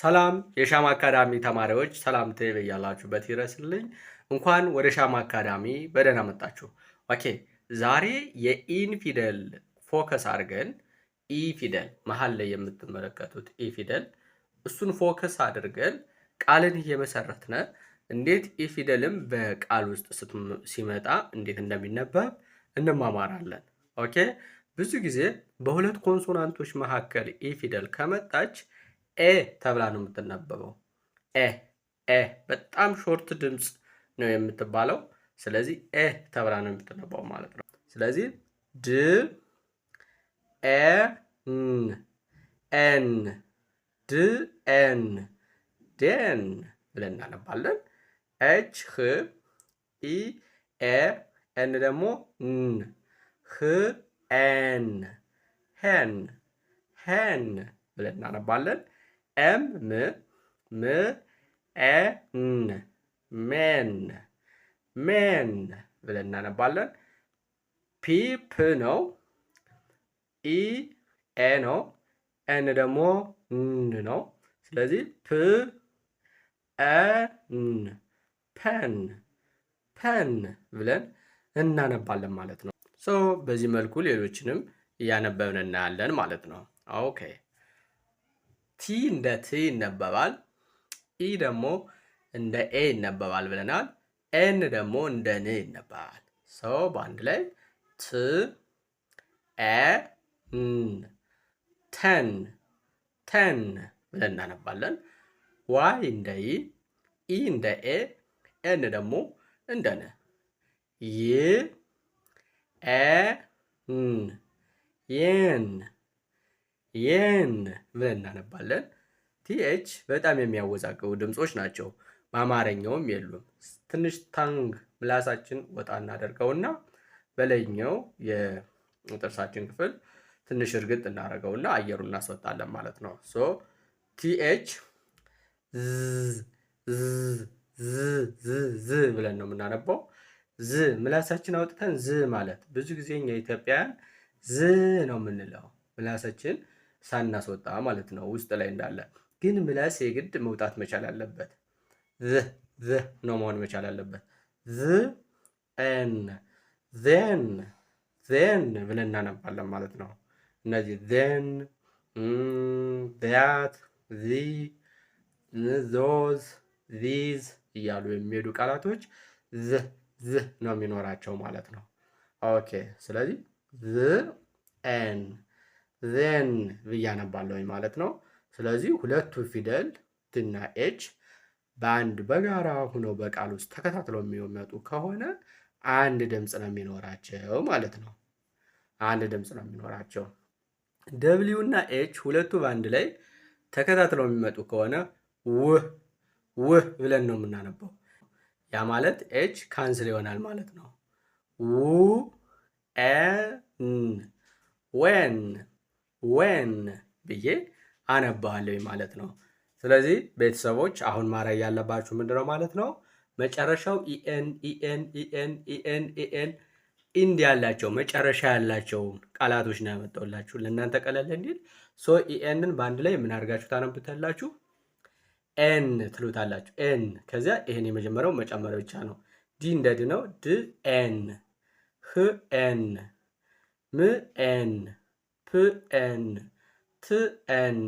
ሰላም የሻማ አካዳሚ ተማሪዎች ሰላም ትብ እያላችሁበት ይረስልኝ። እንኳን ወደ ሻማ አካዳሚ በደህና መጣችሁ። ኦኬ ዛሬ የኢን ፊደል ፎከስ አድርገን ኢ ፊደል መሀል ላይ የምትመለከቱት ኢ ፊደል እሱን ፎከስ አድርገን ቃልን እየመሰረትነ እንዴት ኢ ፊደልም በቃል ውስጥ ሲመጣ እንዴት እንደሚነበብ እንማማራለን። ኦኬ ብዙ ጊዜ በሁለት ኮንሶናንቶች መካከል ኢ ፊደል ከመጣች ኤ ተብላ ነው የምትነበበው። ኤ ኤ በጣም ሾርት ድምፅ ነው የምትባለው። ስለዚህ ኤ ተብላ ነው የምትነበው ማለት ነው። ስለዚህ ድ ኤን ኤን ድ ኤን ደን ብለን እናነባለን። ኤች ህ ኢ ኤ ኤን ደግሞ ን ህ ኤን ሄን ሄን ብለን እናነባለን። ኤም ም ም ኤን ሜን ሜን ብለን እናነባለን። ፒ ፕ ነው። ኢ e, ኤ e ነው። ኤን ደግሞ ን ነው። ስለዚህ ፕ ኤ ን ፐን ፐን ብለን እናነባለን ማለት ነው። ሶ በዚህ መልኩ ሌሎችንም እያነበብን እናያለን ማለት ነው። ኦኬ ቲ እንደ ት ይነበባል። ኢ ደግሞ እንደ ኤ ይነበባል ብለናል። ኤን ደግሞ እንደ ን ይነበባል። ሰው በአንድ ላይ ት ኤ ን ተን ተን ብለን እናነባለን። ዋይ እንደ ይ፣ ኢ እንደ ኤ፣ ኤን ደግሞ እንደ ን ይ ኤ የን የን ብለን እናነባለን። ቲኤች በጣም የሚያወዛግቡ ድምፆች ናቸው። በአማርኛውም የሉም። ትንሽ ታንግ ምላሳችን ወጣ እናደርገውና በላይኛው የጥርሳችን ክፍል ትንሽ እርግጥ እናደርገውና አየሩ እናስወጣለን ማለት ነው። ሶ ቲኤች ዝ ብለን ነው የምናነባው። ዝ ምላሳችን አውጥተን ዝ ማለት ብዙ ጊዜ እኛ ኢትዮጵያውያን ዝ ነው የምንለው ምላሳችን ሳናስወጣ ማለት ነው። ውስጥ ላይ እንዳለ ግን ምላስ የግድ መውጣት መቻል አለበት። ዝ ዝ ነው መሆን መቻል አለበት። ዝ ኤን ዜን ዜን ብለን እናነባለን ማለት ነው። እነዚህ ዜን ያት ዚ ዞዝ ዚዝ እያሉ የሚሄዱ ቃላቶች ዝ ነው የሚኖራቸው ማለት ነው። ኦኬ ስለዚህ ዝ ኤን ዘን ብዬ ወይ ማለት ነው። ስለዚህ ሁለቱ ፊደል ትና ኤች በአንድ በጋራ ሆነው በቃል ውስጥ ተከታትለው የሚመጡ ከሆነ አንድ ድምፅ ነው የሚኖራቸው ማለት ነው። አንድ ድምፅ ነው የሚኖራቸው። ደብሊው እና ኤች ሁለቱ በአንድ ላይ ተከታትለው የሚመጡ ከሆነ ውህ ውህ ብለን ነው የምናነበው። ያ ማለት ኤች ካንስል ይሆናል ማለት ነው። ው ኤን ወን ብዬ አነባለኝ ማለት ነው። ስለዚህ ቤተሰቦች አሁን ማድረግ ያለባችሁ ምንድነው ማለት ነው መጨረሻው ኢኤን ኢኤን ኢኤን ኢኤን ኢኤን ያላቸው መጨረሻ ያላቸውን ቃላቶች ነው ያመጣሁላችሁ ለእናንተ ቀለል እንዲል። ሶ ኢኤንን በአንድ ላይ ምን አድርጋችሁ ታነቡታላችሁ? ኤን ትሉታላችሁ። ኤን ከዚያ ይሄን የመጀመሪያው መጨመር ብቻ ነው። ዲ እንደ ድ ነው። ድ ኤን ህ ኤን ም ኤን ፕኤን ትኤን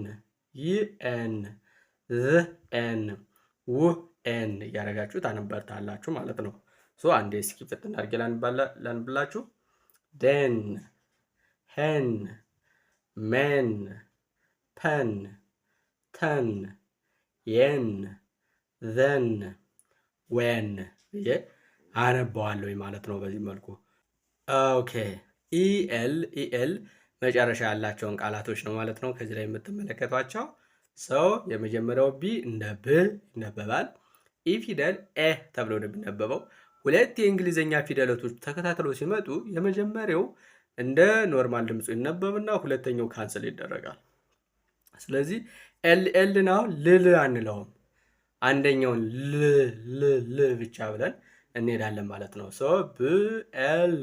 ይኤን ዝኤን ውኤን እያደረጋችሁ ታነባታላችሁ ማለት ነው። ሶ አንዴ እስኪ ፍጥን አድርጌ ላንብላችሁ። ዴን ሄን ሜን ፐን ተን የን ዘን ዌን ብዬ አነበዋለሁ ማለት ነው። በዚህ መልኩ ኦኬ ኢኤል ኢኤል መጨረሻ ያላቸውን ቃላቶች ነው ማለት ነው። ከዚህ ላይ የምትመለከቷቸው ሰው የመጀመሪያው ቢ እንደ ብ ይነበባል። ኢ ፊደል ኤ ተብሎ ነው የሚነበበው። ሁለት የእንግሊዝኛ ፊደለቶች ተከታትለው ሲመጡ የመጀመሪያው እንደ ኖርማል ድምፁ ይነበብና ሁለተኛው ካንስል ይደረጋል። ስለዚህ ኤል ኤል ናው ልል አንለውም። አንደኛውን ል ብቻ ብለን እንሄዳለን ማለት ነው። ሶ ብኤል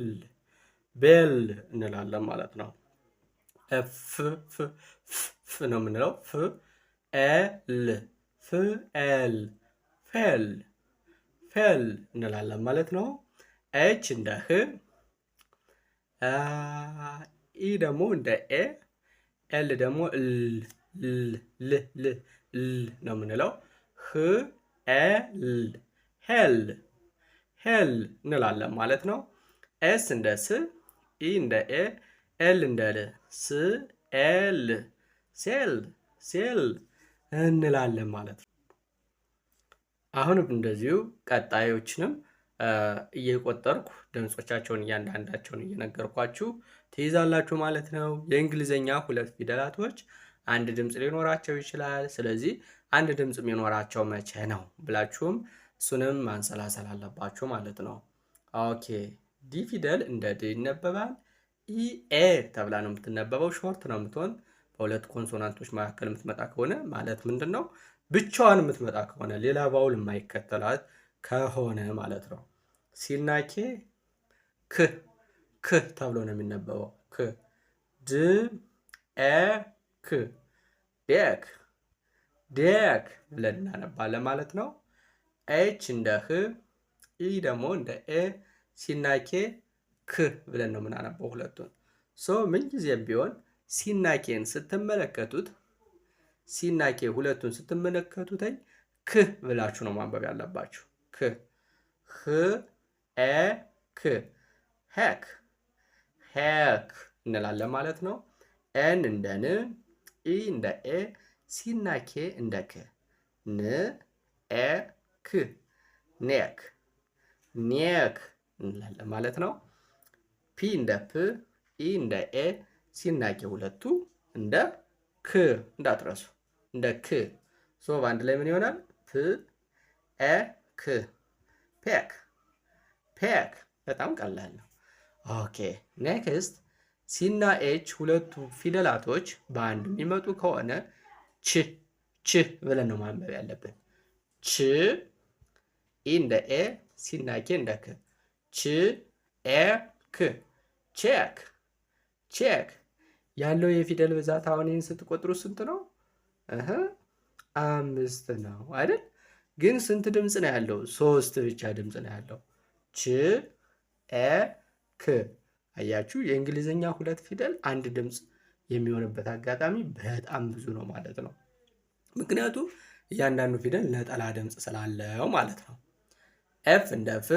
ቤል እንላለን ማለት ነው። ፍ ፍ ፍ ነው የምንለው ፍ ኤል ፍ ኤል ፌል ፌል እንላለን ማለት ነው። ኤች እንደ ህ ኢ ደግሞ እንደ ኤ ኤል ደግሞ ል ል ል ል ነው የምንለው ህ ኤል ሄል ሄል እንላለን ማለት ነው። ኤስ እንደ ስ ኢ እንደ ኤ ኤል እንዳለ ስ ኤል ሴል ሴል እንላለን ማለት ነው። አሁንም እንደዚሁ ቀጣዮችንም እየቆጠርኩ ድምፆቻቸውን እያንዳንዳቸውን እየነገርኳችሁ ትይዛላችሁ ማለት ነው። የእንግሊዝኛ ሁለት ፊደላቶች አንድ ድምፅ ሊኖራቸው ይችላል። ስለዚህ አንድ ድምፅ የሚኖራቸው መቼ ነው ብላችሁም እሱንም ማንሰላሰል አለባችሁ ማለት ነው። ኦኬ ዲ ፊደል እንደ ድ ይነበባል። ኢኤ ተብላ ነው የምትነበበው። ሾርት ነው የምትሆን በሁለት ኮንሶናንቶች መካከል የምትመጣ ከሆነ ማለት ምንድን ነው? ብቻዋን የምትመጣ ከሆነ ሌላ ባውል የማይከተላት ከሆነ ማለት ነው። ሲና ኬ ክ ክ ተብሎ ነው የሚነበበው። ክ ድ ኤ ክ ዴክ ዴክ ብለን እናነባለን ማለት ነው። ኤች እንደ ህ፣ ኢ ደግሞ እንደ ኤ፣ ሲና ኬ ክ ብለን ነው የምናነበው ሁለቱን። ሶ ምንጊዜም ቢሆን ሲናኬን ስትመለከቱት ሲናኬ ሁለቱን ስትመለከቱተኝ ክ ብላችሁ ነው ማንበብ ያለባችሁ። ክ ህ ኤ ክ ሄክ ሄክ እንላለን ማለት ነው። ኤን እንደ ን፣ ኢ እንደ ኤ፣ ሲናኬ እንደ ክ ን ኤ ክ ኔክ ኔክ እንላለን ማለት ነው። ፒ እንደ ፕ፣ ኢ እንደ ኤ፣ ሲ እና ኬ ሁለቱ እንደ ክ እንዳትረሱ፣ እንደ ክ። ሶ በአንድ ላይ ምን ይሆናል? ፕ ኤ ክ ፔክ፣ ፔክ። በጣም ቀላል ነው። ኦኬ ኔክስት ሲና ኤች ሁለቱ ፊደላቶች በአንድ የሚመጡ ከሆነ ች ች ብለን ነው ማንበብ ያለብን። ች ኢ እንደ ኤ ሲና ኬ እንደ ክ ች ኤ ክ ቼክ ቼክ ያለው የፊደል ብዛት አሁን ይህን ስትቆጥሩ ስንት ነው? አምስት ነው አይደል? ግን ስንት ድምፅ ነው ያለው? ሶስት ብቻ ድምፅ ነው ያለው። ች ኤ ክ አያችሁ፣ የእንግሊዝኛ ሁለት ፊደል አንድ ድምፅ የሚሆንበት አጋጣሚ በጣም ብዙ ነው ማለት ነው። ምክንያቱም እያንዳንዱ ፊደል ነጠላ ድምፅ ስላለው ማለት ነው። ኤፍ እንደ ፍ፣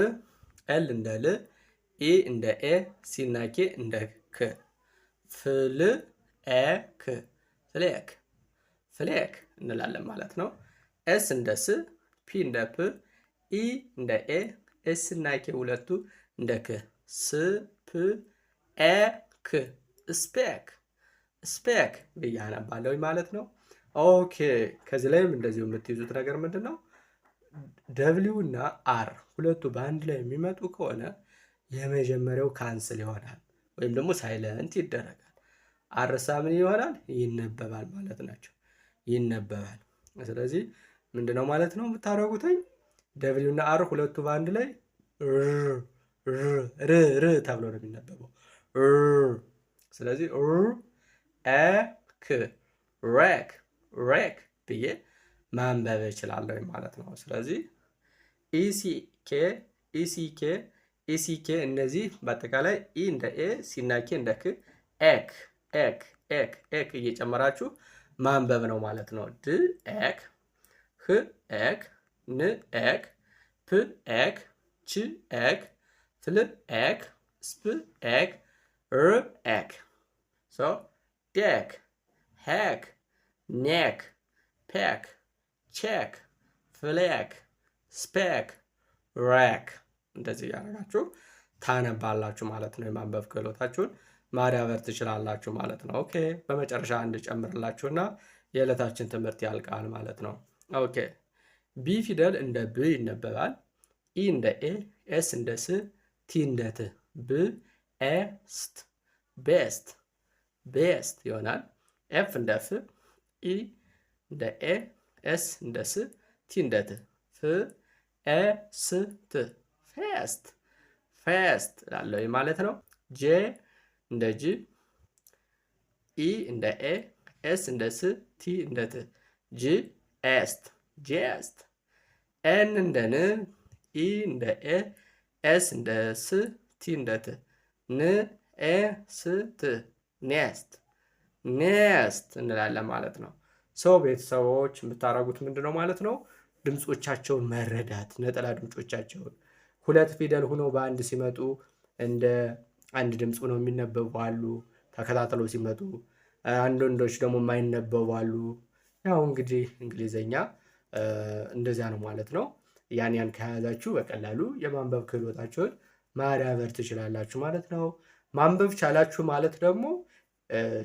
ኤል እንደ ል ኢ እንደ ኤ ሲናኬ እንደ ክ ፍል ኤ ፍሌክ ፍሌክ እንላለን ማለት ነው። ኤስ እንደ ስ ፒ እንደ ፕ ኢ እንደ ኤ ኤስ እና ኬ ሁለቱ እንደ ክ ስ ፕ ኤ ክ ስፔክ ስፔክ ብዬ ማለት ነው። ኦኬ ከዚህ ላይም እንደዚሁ የምትይዙት ነገር ምንድን ነው? ደብሊው እና አር ሁለቱ በአንድ ላይ የሚመጡ ከሆነ የመጀመሪያው ካንስል ይሆናል ወይም ደግሞ ሳይለንት ይደረጋል። አርሳ ምን ይሆናል? ይነበባል ማለት ናቸው። ይነበባል። ስለዚህ ምንድነው ማለት ነው የምታደርጉትኝ ደብሊው እና አር ሁለቱ በአንድ ላይ ርር ተብሎ ነው የሚነበበው። ስለዚህ ክ ሬክ ሬክ ብዬ ማንበብ እችላለሁ ማለት ነው። ስለዚህ ኢሲኬ ኢሲኬ ኢሲኬ እነዚህ በአጠቃላይ ኢ እንደ ኤ ሲና እንደ ክ ኤክ ኤክ ኤክ ኤክ እየጨመራችሁ ማንበብ ነው ማለት ነው። ድ ኤክ ህ ኤክ ን ኤክ ፕ ኤክ ች ኤክ ፍል ኤክ ስፕ ኤክ ር ኤክ ሶ ዴክ ሄክ ኔክ ፔክ ቼክ ፍሌክ ስፔክ ሬክ እንደዚህ እያደረጋችሁ ታነባላችሁ ማለት ነው። የማንበብ ክህሎታችሁን ማዳበር ትችላላችሁ ማለት ነው። ኦኬ በመጨረሻ እንድጨምርላችሁና የዕለታችን ትምህርት ያልቃል ማለት ነው። ኦኬ ቢ ፊደል እንደ ብ ይነበባል። ኢ እንደ ኤ፣ ኤስ እንደ ስ፣ ቲ እንደ ት፣ ብ ኤስት ቤስት ቤስት ይሆናል። ኤፍ እንደ ፍ፣ ኢ እንደ ኤ፣ ኤስ እንደ ስ፣ ቲ እንደ ት፣ ፍ ኤስት ፌስት ፌስት እላለሁ ማለት ነው። ጄ እንደ ጂ ኢ እንደ ኤ፣ ኤስ እንደ ስ፣ ቲ እንደ ት፣ ጅ ኤስት ጄስት። ኤን እንደ ን፣ ኢ እንደ ኤ፣ ኤስ እንደ ስ፣ ቲ እንደ ት፣ ን ኤ ስ ት ኔስት ኔስት እንላለን ማለት ነው። ሰው ቤተሰቦች የምታደርጉት ምንድን ነው ማለት ነው? ድምፆቻቸውን መረዳት ነጠላ ድምፆቻቸውን ሁለት ፊደል ሁኖ በአንድ ሲመጡ እንደ አንድ ድምፅ ሆነው የሚነበቡ አሉ። ተከታትለው ሲመጡ ወንዶች ደግሞ የማይነበቡ አሉ። ያው እንግዲህ እንግሊዘኛ እንደዚያ ነው ማለት ነው። ያን ያን ከያዛችሁ በቀላሉ የማንበብ ክህሎታችሁን ማዳበር ትችላላችሁ ማለት ነው። ማንበብ ቻላችሁ ማለት ደግሞ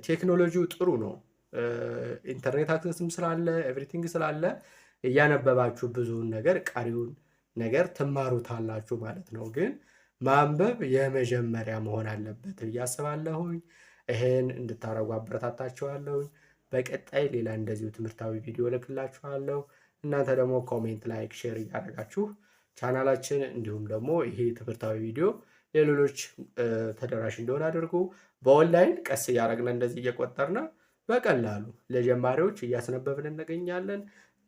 ቴክኖሎጂው ጥሩ ነው። ኢንተርኔት አክሰስም ስላለ ኤቭሪቲንግ ስላለ እያነበባችሁ ብዙውን ነገር ቀሪውን ነገር ትማሩታላችሁ ማለት ነው። ግን ማንበብ የመጀመሪያ መሆን አለበት ብዬ ይሄን ይህን እንድታረጉ አበረታታችኋለሁኝ። በቀጣይ ሌላ እንደዚሁ ትምህርታዊ ቪዲዮ ልክላችኋለሁ። እናንተ ደግሞ ኮሜንት፣ ላይክ፣ ሼር እያደረጋችሁ ቻናላችን እንዲሁም ደግሞ ይሄ ትምህርታዊ ቪዲዮ ለሌሎች ተደራሽ እንደሆነ አድርጉ። በኦንላይን ቀስ እያደረግን እንደዚህ እየቆጠርን በቀላሉ ለጀማሪዎች እያስነበብን እንገኛለን።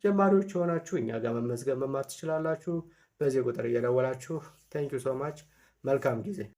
ጀማሪዎች የሆናችሁ እኛ ጋር መመዝገብ መማር ትችላላችሁ። በዚህ ቁጥር እየደወላችሁ። ቴንኪዩ ሶ ማች። መልካም ጊዜ